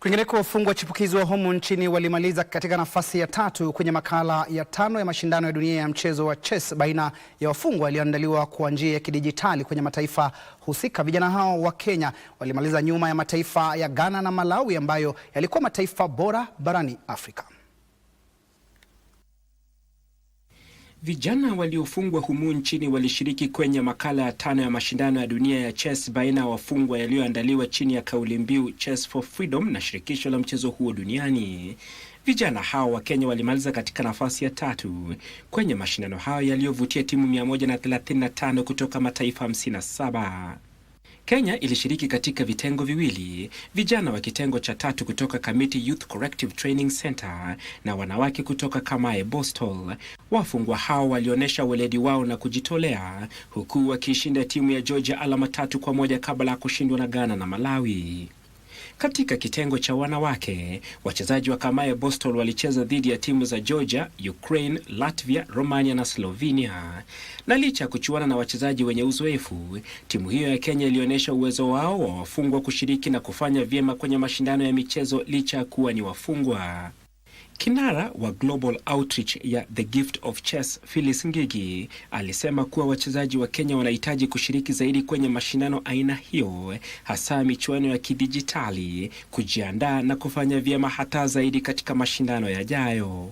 Kwingineko, wafungwa chipukizi wa humu nchini walimaliza katika nafasi ya tatu kwenye makala ya tano ya mashindano ya dunia ya mchezo wa chess baina ya wafungwa yaliyoandaliwa kwa njia ya kidijitali kwenye mataifa husika. Vijana hao wa Kenya walimaliza nyuma ya mataifa ya Ghana na Malawi ambayo yalikuwa mataifa bora barani Afrika. Vijana waliofungwa humu nchini walishiriki kwenye makala ya tano ya mashindano ya dunia ya chess baina ya wafungwa yaliyoandaliwa chini ya kauli mbiu Chess for Freedom na shirikisho la mchezo huo duniani. Vijana hao wa Kenya walimaliza katika nafasi ya tatu kwenye mashindano hayo yaliyovutia timu 135 kutoka mataifa 57. Kenya ilishiriki katika vitengo viwili, vijana wa kitengo cha tatu kutoka Kamiti Youth Corrective Training Center na wanawake kutoka Kamae Bostol. Wafungwa hao walionyesha weledi wao na kujitolea, huku wakiishinda timu ya Georgia alama tatu kwa moja kabla ya kushindwa na Ghana na Malawi. Katika kitengo cha wanawake, wachezaji wa Kamaya Boston walicheza dhidi ya timu za Georgia, Ukraine, Latvia, Romania na Slovenia. Na licha ya kuchuana na wachezaji wenye uzoefu, timu hiyo ya Kenya ilionyesha uwezo wao wa wafungwa kushiriki na kufanya vyema kwenye mashindano ya michezo licha ya kuwa ni wafungwa. Kinara wa Global Outreach ya The Gift of Chess, Phyllis Ngigi, alisema kuwa wachezaji wa Kenya wanahitaji kushiriki zaidi kwenye mashindano aina hiyo, hasa michuano ya kidijitali, kujiandaa na kufanya vyema hata zaidi katika mashindano yajayo.